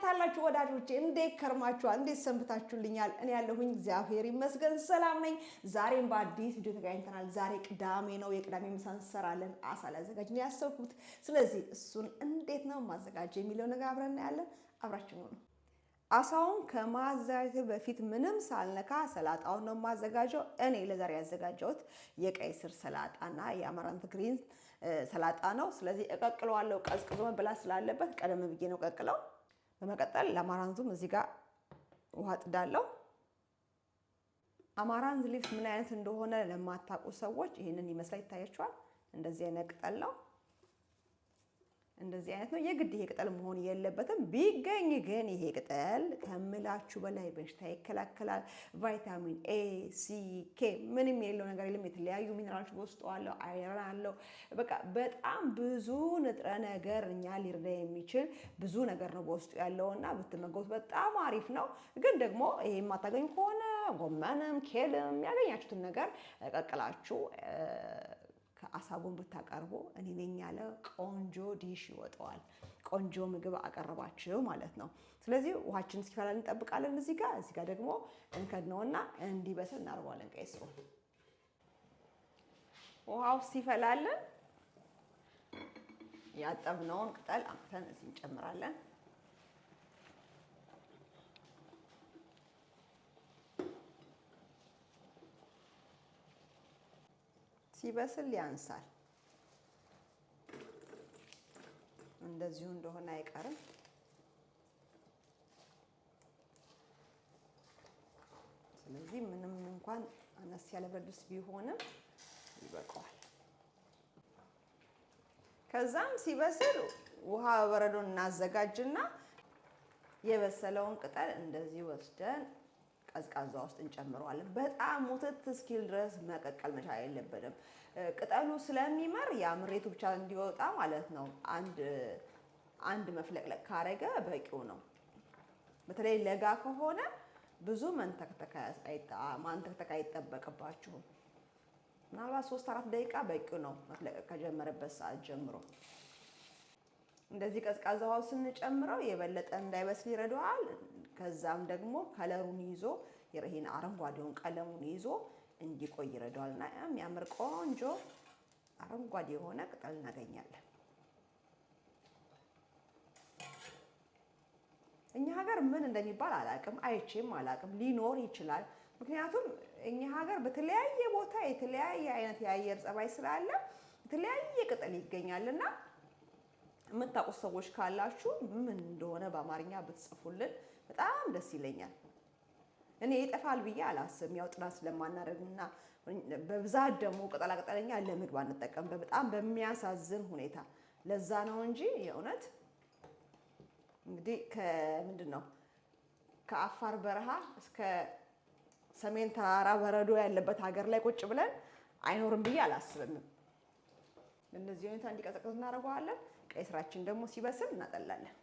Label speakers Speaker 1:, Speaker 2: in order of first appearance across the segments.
Speaker 1: እንዴት አላችሁ ወዳጆቼ? እንዴት ከርማችኋል? እንዴት ሰንብታችሁልኛል? እኔ ያለሁኝ እግዚአብሔር ይመስገን ሰላም ነኝ። ዛሬም በአዲስ ቪዲዮ ተገናኝተናል። ዛሬ ቅዳሜ ነው። የቅዳሜ ምሳ እንሰራለን። አሳ ላዘጋጅ ነው ያሰብኩት። ስለዚህ እሱን እንዴት ነው ማዘጋጀ የሚለው ነገር አብረን እናያለን። አብራችሁ ነው አሳውን ከማዘጋጀት በፊት ምንም ሳልነካ ሰላጣውን ነው የማዘጋጀው። እኔ ለዛሬ ያዘጋጀሁት የቀይ ስር ሰላጣና የአማራንት ግሪን ሰላጣ ነው። ስለዚህ እቀቅለዋለሁ። ቀዝቅዞ መብላት ስላለበት ቀደም ብዬ ነው ቀቅለው በመቀጠል ለአማራንዙም እዚህ ጋር ውሃ ጥዳለሁ። አማራንዝ ሊፍ ምን አይነት እንደሆነ ለማታውቁ ሰዎች ይህንን ይመስላል። ይታያችኋል። እንደዚህ አይነት ቅጠል ነው። እንደዚህ አይነት ነው። የግድ ይሄ ቅጠል መሆን የለበትም። ቢገኝ ግን ይሄ ቅጠል ከምላችሁ በላይ በሽታ ይከላከላል። ቫይታሚን ኤ፣ ሲ፣ ኬ ምንም የሌለው ነገር የለም። የተለያዩ ሚኔራሎች በውስጡ አለው፣ አይረን አለው። በቃ በጣም ብዙ ንጥረ ነገር እኛ ሊረዳ የሚችል ብዙ ነገር ነው በውስጡ ያለው እና ብትመገቡት በጣም አሪፍ ነው። ግን ደግሞ ይሄ የማታገኙ ከሆነ ጎመንም ኬልም ያገኛችሁትን ነገር ቀቅላችሁ አሳቡን ብታቀርቡ እኔ ነኝ ያለ ቆንጆ ዲሽ ይወጣዋል። ቆንጆ ምግብ አቀረባችሁ ማለት ነው። ስለዚህ ውሃችን እስኪፈላል እንጠብቃለን። እዚህ ጋር እዚህ ጋር ደግሞ እንከድነውና እንዲበስል እናርበዋለን። ቀይ ስሩን ውሃው ሲፈላልን ያጠብነውን ቅጠል አምጥተን እዚህ እንጨምራለን። ሲበስል ያንሳል። እንደዚሁ እንደሆነ አይቀርም። ስለዚህ ምንም እንኳን አነስ ያለ ብረት ድስት ቢሆንም ይበቃዋል። ከዛም ሲበስል ውሃ በረዶን እናዘጋጅና የበሰለውን ቅጠል እንደዚህ ወስደን ቀዝቃዛ ውስጥ እንጨምረዋለን። በጣም ሙትት እስኪል ድረስ መቀቀል መቻል የለብንም። ቅጠሉ ስለሚመር ያ ምሬቱ ብቻ እንዲወጣ ማለት ነው። አንድ አንድ መፍለቅለቅ ካረገ በቂው ነው። በተለይ ለጋ ከሆነ ብዙ ማንተክተክ አይጠበቅባችሁም። ምናልባት ሶስት አራት ደቂቃ በቂው ነው። መፍለቅ ከጀመረበት ሰዓት ጀምሮ እንደዚህ ቀዝቃዛ ውሃው ስንጨምረው የበለጠ እንዳይበስል ይረዳዋል። ከዛም ደግሞ ከለሩን ይዞ ይሄን አረንጓዴውን ቀለሙን ይዞ እንዲቆይ ይረዳዋል ይረዳዋልና የሚያምር ቆንጆ አረንጓዴ የሆነ ቅጠል እናገኛለን። እኛ ሀገር ምን እንደሚባል አላቅም፣ አይቼም አላቅም። ሊኖር ይችላል። ምክንያቱም እኛ ሀገር በተለያየ ቦታ የተለያየ አይነት የአየር ጸባይ ስላለ የተለያየ ቅጠል ይገኛልና የምታውቁት ሰዎች ካላችሁ ምን እንደሆነ በአማርኛ ብትጽፉልን በጣም ደስ ይለኛል። እኔ ይጠፋል ብዬ አላስብም። ያው ጥናት ስለማናደርግና በብዛት ደግሞ ቅጠላቅጠለኛ ለምግብ አንጠቀም በጣም በሚያሳዝን ሁኔታ ለዛ ነው እንጂ የእውነት እንግዲህ ከምንድን ነው ከአፋር በረሃ እስከ ሰሜን ተራራ በረዶ ያለበት ሀገር ላይ ቁጭ ብለን አይኖርም ብዬ አላስብም። በእነዚህ ሁኔታ እንዲቀዘቅዝ እናደርገዋለን። ቀይ ስራችን ደግሞ ሲበስል እናጠላለን።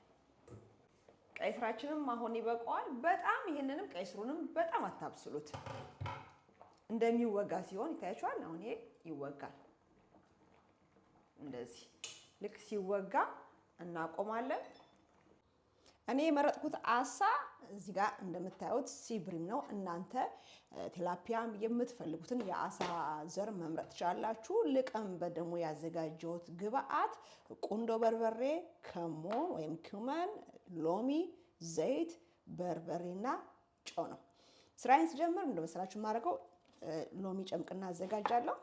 Speaker 1: ቀይ ስራችንም አሁን ይበቃዋል በጣም ይህንንም ቀይ ስሩንም በጣም አታብስሉት። እንደሚወጋ ሲሆን ይታያችኋል። አሁን ይሄ ይወጋል። እንደዚህ ልክ ሲወጋ እናቆማለን። እኔ የመረጥኩት አሳ እዚህ ጋር እንደምታዩት ሲብሪም ነው። እናንተ ቴላፒያም የምትፈልጉትን የአሳ ዘር መምረጥ ትችላላችሁ። ልቀም በደሞ ያዘጋጀሁት ግብአት ቁንዶ በርበሬ፣ ከሞን ወይም ክመን፣ ሎሚ፣ ዘይት፣ በርበሬና ጨው ነው። ስራዬን ስጀምር እንደመሰላችሁ የማደርገው ሎሚ ጨምቅና አዘጋጃለሁ።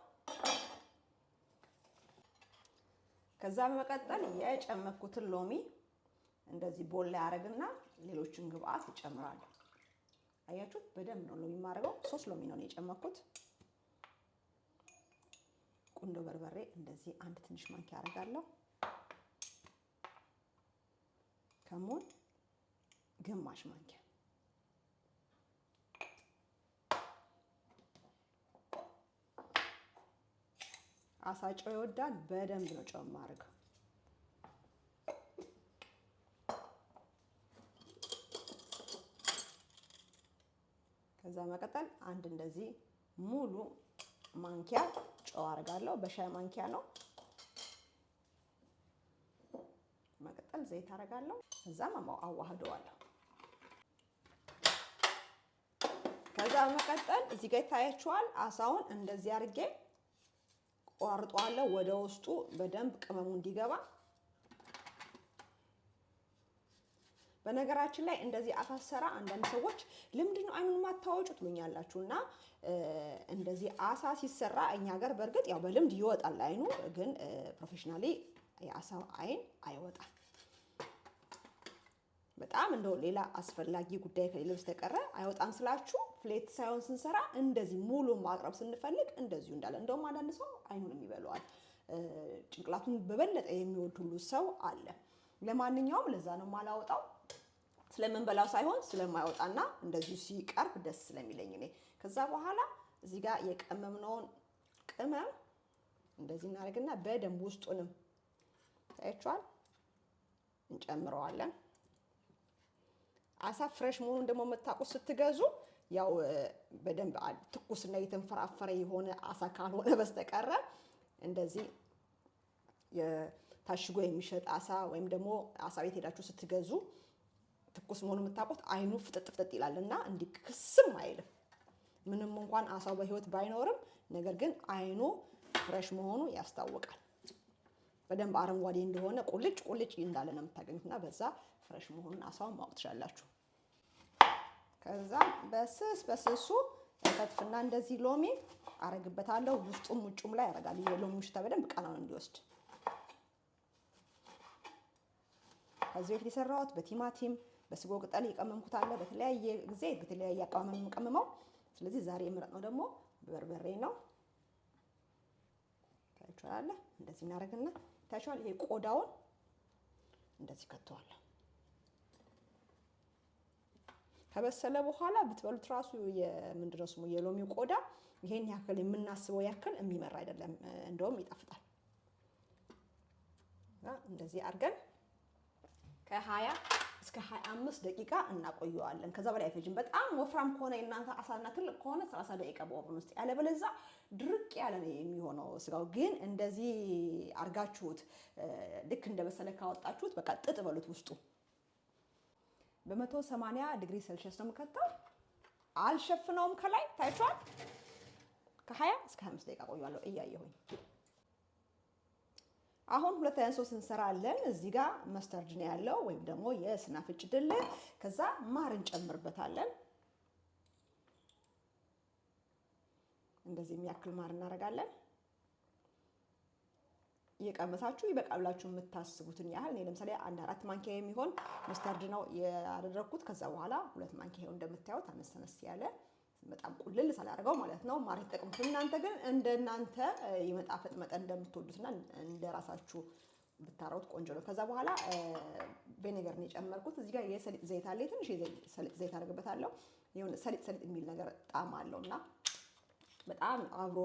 Speaker 1: ከዛ በመቀጠል የጨመኩትን ሎሚ እንደዚህ ቦል ላይ አረግና ሌሎችን ግብአት እጨምራለሁ። አያችሁት? በደንብ ነው ሎሚ የማደርገው። ሶስት ሎሚ ነው የጨመርኩት። ቁንዶ በርበሬ እንደዚህ አንድ ትንሽ ማንኪያ አረጋለሁ። ከሙን ግማሽ ማንኪያ አሳጨው ይወዳል። በደንብ ነው ጨው የማደርገው። ከዛ መቀጠል አንድ እንደዚህ ሙሉ ማንኪያ ጨው አርጋለሁ። በሻይ ማንኪያ ነው። መቀጠል ዘይት አደርጋለሁ። ከዛም አዋህደዋለሁ። ከዛ መቀጠል እዚህ ጋር ይታያችኋል። አሳውን እንደዚህ አድርጌ ቆርጧለሁ ወደ ውስጡ በደንብ ቅመሙ እንዲገባ በነገራችን ላይ እንደዚህ አሳሰራ አንዳንድ ሰዎች ለምንድን አይኑን ማታወጩ ትሉኛላችሁ እና እንደዚህ አሳ ሲሰራ እኛ ሀገር በእርግጥ ያው በልምድ ይወጣል አይኑ፣ ግን ፕሮፌሽናሊ የአሳ አይን አይወጣም። በጣም እንደው ሌላ አስፈላጊ ጉዳይ ከሌለ በስተቀረ አይወጣም ስላችሁ ፍሌት ሳይሆን ስንሰራ እንደዚህ ሙሉ ማቅረብ ስንፈልግ እንደዚሁ እንዳለ እንደውም አንዳንድ ሰው አይኑን ይበለዋል። ጭንቅላቱን በበለጠ የሚወድ ሁሉ ሰው አለ። ለማንኛውም ለዛ ነው ማላወጣው። ስለምንበላው ሳይሆን ስለማይወጣና እንደዚሁ ሲቀርብ ደስ ስለሚለኝ እኔ ከዛ በኋላ እዚህ ጋር የቀመምነውን ቅመም እንደዚህ እናደርግና በደንብ ውስጡንም ታያችኋል እንጨምረዋለን። አሳ ፍሬሽ መሆኑን ደግሞ የምታውቁት ስትገዙ ያው በደንብ ትኩስና የተንፈራፈረ የሆነ አሳ ካልሆነ በስተቀረ እንደዚህ ታሽጎ የሚሸጥ አሳ ወይም ደግሞ አሳ ቤት ሄዳችሁ ስትገዙ ትኩስ መሆኑ የምታውቁት አይኑ ፍጥጥ ፍጥጥ ይላል እና እንዲክስም አይልም። ምንም እንኳን አሳው በህይወት ባይኖርም ነገር ግን አይኑ ፍሬሽ መሆኑ ያስታውቃል። በደንብ አረንጓዴ እንደሆነ ቁልጭ ቁልጭ እንዳለ ነው የምታገኙት እና በዛ ፍሬሽ መሆኑን አሳውን ማወቅ ትችላላችሁ። ከዛ በስስ በስሱ ከትፍና እንደዚህ ሎሚ አረግበታለሁ። ውስጡም ውጩም ላይ ያረጋል። የሎሚ ሽታ በደንብ ቃናውን እንዲወስድ ከዚህ በፊት የሰራሁት በቲማቲም በስጎ ቅጠል የቀመምኩት አለ። በተለያየ ጊዜ በተለያየ አቀማመም የምቀምመው። ስለዚህ ዛሬ የምረጥነው ደግሞ በርበሬ ነው። ታይቻላለ እንደዚህ እናደርግና ታያችኋል። ይሄ ቆዳውን እንደዚህ ከተዋለሁ። ከበሰለ በኋላ ብትበሉት ራሱ የምንድን ነው ስሙ የሎሚው ቆዳ ይሄን ያክል የምናስበው ያክል የሚመራ አይደለም፣ እንደውም ይጣፍጣል። እንደዚህ አድርገን ከሀያ እስከ 25 ደቂቃ እናቆየዋለን። ከዛ በላይ አይፈጅም። በጣም ወፍራም ከሆነ የእናንተ አሳና ትልቅ ከሆነ 30 ደቂቃ በኦቨን ውስጥ፣ ያለበለዛ ድርቅ ያለ ነው የሚሆነው ስጋው። ግን እንደዚህ አርጋችሁት ልክ እንደበሰለ ካወጣችሁት በቃ ጥጥ በሉት ውስጡ። በ180 ዲግሪ ሴልሽስ ነው የምከተው። አልሸፍነውም ከላይ ታይቷል። ከ20 እስከ 25 ደቂቃ ቆየዋለሁ እያየሁኝ አሁን ሁለት አይነት ሶስ እንሰራለን። እዚህ ጋር መስተርድ ነው ያለው ወይም ደግሞ የስናፍጭ ድል፣ ከዛ ማር እንጨምርበታለን። እንደዚህ የሚያክል ማር እናደርጋለን። እየቀመሳችሁ ይበቃብላችሁ የምታስቡትን ያህል እኔ ለምሳሌ አንድ አራት ማንኪያ የሚሆን መስተርድ ነው ያደረግኩት። ከዛ በኋላ ሁለት ማንኪያ እንደምታዩት አነስ አነስ ያለ በጣም ቁልል ስላደርገው ማለት ነው። ማር ተጠቅሙት። እናንተ ግን እንደ እናንተ የመጣፈጥ መጠን እንደምትወዱትና እንደ ራሳችሁ ብታረውት ቆንጆ ነው። ከዛ በኋላ ቬኔገር ነው የጨመርኩት። እዚህ ጋር የሰሊጥ ዘይት አለ። ትንሽ ሰሊጥ ዘይት አደርግበታለሁ። የሆነ ሰሊጥ ሰሊጥ የሚል ነገር ጣዕም አለው እና በጣም አብሮ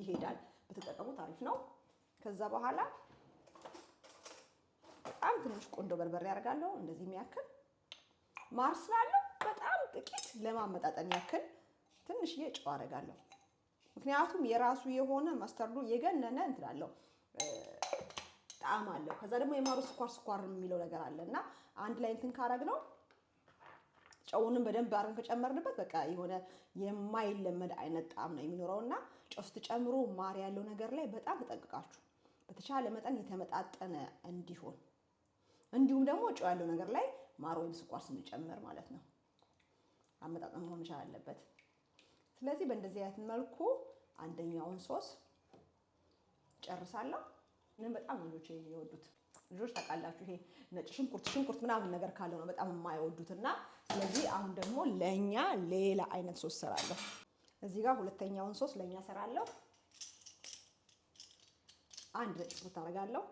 Speaker 1: ይሄዳል። ብትጠቀሙት አሪፍ ነው። ከዛ በኋላ በጣም ትንሽ ቆንጆ በርበሬ ያደርጋለሁ። እንደዚህ የሚያክል ማር ስላለው በጣም ለማመጣጠን ያክል ትንሽዬ ጨው አደርጋለሁ። ምክንያቱም የራሱ የሆነ መስተርዱ የገነነ እንትን አለው ጣዕም አለው። ከዛ ደግሞ የማሩ ስኳር ስኳር የሚለው ነገር አለ እና አንድ ላይ እንትን ካረግ ነው ጨውንም በደንብ አርገን ከጨመርንበት በቃ የሆነ የማይለመድ አይነት ጣዕም ነው የሚኖረው እና ጨው ስትጨምሩ ማር ያለው ነገር ላይ በጣም ተጠንቅቃችሁ በተቻለ መጠን የተመጣጠነ እንዲሆን እንዲሁም ደግሞ ጨው ያለው ነገር ላይ ማር ወይም ስኳር ስንጨምር ማለት ነው አመጣጥ መሆን መቻል አለበት። ስለዚህ በእንደዚህ አይነት መልኩ አንደኛውን ሶስ ጨርሳለሁ። ምንም በጣም ልጆች የወዱት ልጆች ታውቃላችሁ፣ ይሄ ነጭ ሽንኩርት ሽንኩርት ምናምን ነገር ካለው ነው በጣም የማይወዱት እና ስለዚህ አሁን ደግሞ ለእኛ ሌላ አይነት ሶስ ሰራለሁ። እዚህ ጋር ሁለተኛውን ሶስ ለእኛ ሰራለሁ። አንድ ነጭ ሽንኩርት አደርጋለሁ።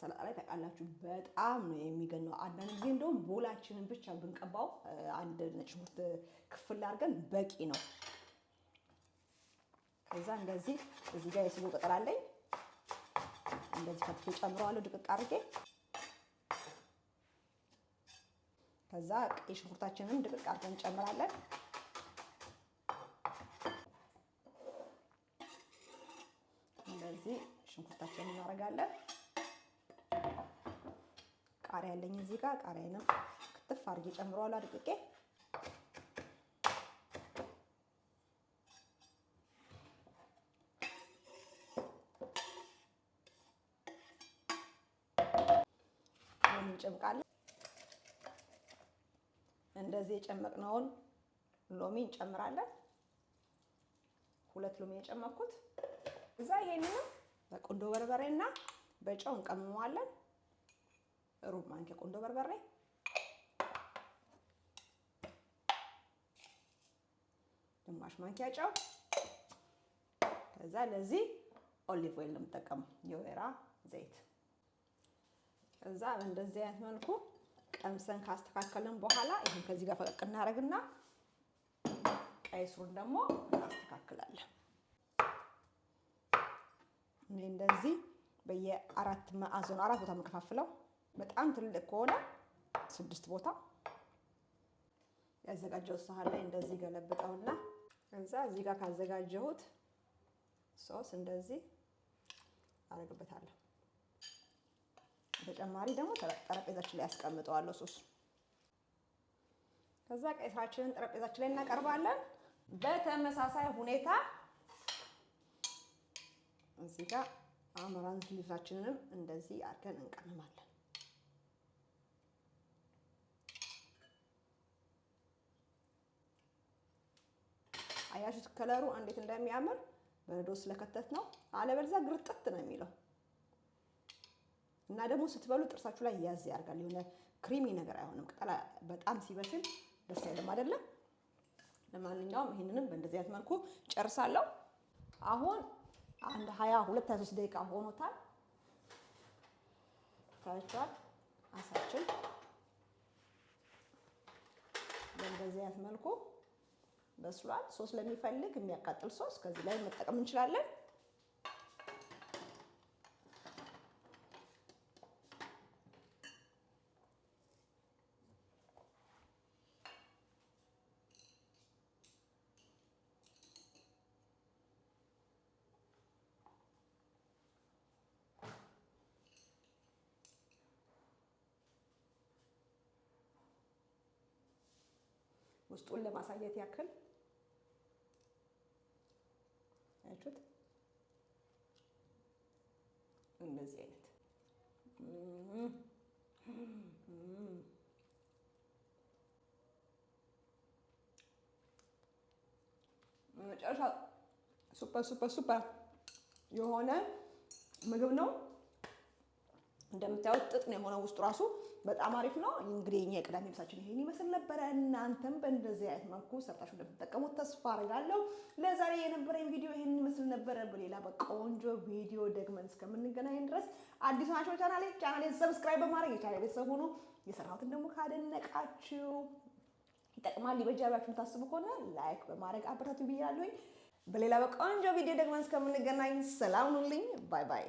Speaker 1: ሰላጣ ላይ ታውቃላችሁ በጣም ነው የሚገነው። አንዳንድ ጊዜ እንደውም ቦላችንን ብቻ ብንቀባው አንድ ነጭ ሽንኩርት ክፍል አድርገን በቂ ነው። ከዛ እንደዚህ እዚህ ጋር የስጎ ቅጠል አለኝ እንደዚህ ከትፌ ጨምረዋለሁ ድቅቅ አድርጌ። ከዛ ቀይ ሽንኩርታችንንም ድቅቅ አድርገን እንጨምራለን። እንደዚህ ሽንኩርታችንን እናደርጋለን። ቃሪያ ያለኝ እዚህ ጋር ቃሪያንም ክትፍ አድርጌ ጨምረዋለሁ አድቅቄ። እንጨምቃለን። እንደዚህ የጨመቅነውን ሎሚ እንጨምራለን። ሁለት ሎሚ የጨመቅኩት እዛ። ይሄንንም በቁንዶ በርበሬና በጨው እንቀምመዋለን። ሩብ ማንኪያ ቁንዶ በርበሬ፣ ግማሽ ማንኪያ ጨው። ከዛ ለዚህ ኦሊቭ ኦይል ነው የምጠቀመው የወይራ ዘይት። ከዛ እንደዚህ አይነት መልኩ ቀምሰን ካስተካከልን በኋላ ይሄን ከዚህ ጋር ፈቀቅ እናደርግና ቀይ ስሩን ደግሞ እናስተካክላለን። እንደዚህ በየአራት ማዕዘኑ አራት ቦታ የምከፋፍለው በጣም ትልቅ ከሆነ ስድስት ቦታ ያዘጋጀሁት ሳህን ላይ እንደዚህ ገለብጠውና ከዛ እዚህ ጋር ካዘጋጀሁት ሶስ እንደዚህ አደርግበታለሁ። በተጨማሪ ደግሞ ጠረጴዛችን ላይ ያስቀምጠዋለሁ ሶስ። ከዛ ቀይ ስራችንን ጠረጴዛችን ላይ እናቀርባለን። በተመሳሳይ ሁኔታ እዚህ ጋር አመራንት ሊፍታችንንም እንደዚህ አድርገን እንቀምማለን። አያችሁት? ከለሩ እንዴት እንደሚያምር በረዶ ስለከተት ነው። አለበለዚያ ግርጥት ነው የሚለው እና ደግሞ ስትበሉ ጥርሳችሁ ላይ ያዝ ያርጋል። የሆነ ክሪሚ ነገር አይሆንም። ቅጠላ በጣም ሲበስል ደስ አይልም አይደለም። ለማንኛውም ይህንንም በእንደዚህ አይነት መልኩ ጨርሳለሁ። አሁን አንድ ሀያ ሁለት ሀያ ሶስት ደቂቃ ሆኖታል። ታያችኋል። አሳችን በእንደዚህ አይነት መልኩ በስሏል። ሶስ ለሚፈልግ የሚያቃጥል ሶስ ከዚህ ላይ መጠቀም እንችላለን። ውስጡን ለማሳየት ያክል አያችሁት? እንደዚህ አይነት መጨረሻ ሱፐር ሱፐር ሱፐር የሆነ ምግብ ነው። እንደምታዩት ጥጥ ነው የሆነው ውስጡ ራሱ በጣም አሪፍ ነው። እንግዲህ እኛ የቅዳሜ ምሳችን ይሄን ይመስል ነበረ። እናንተም በእንደዚህ አይነት መልኩ ሰርታችሁ እንደምትጠቀሙት ተስፋ አድርጋለሁ። ለዛሬ የነበረኝ ቪዲዮ ይሄን ይመስል ነበረ። በሌላ በቆንጆ ቪዲዮ ደግመን እስከምንገናኝ ድረስ አዲስ ናቸው ቻናሌ ቻናሌን ሰብስክራይብ በማድረግ የቻናሌ ቤተሰብ ሆኑ። የሰራሁትን ደግሞ ካደነቃችሁ ይጠቅማል ሊበጃቢያችሁ ታስቡ ከሆነ ላይክ በማድረግ አበረታቱ ብያለሁኝ። በሌላ በቆንጆ ቪዲዮ ደግመን እስከምንገናኝ ሰላም ሁኑልኝ። ባይ ባይ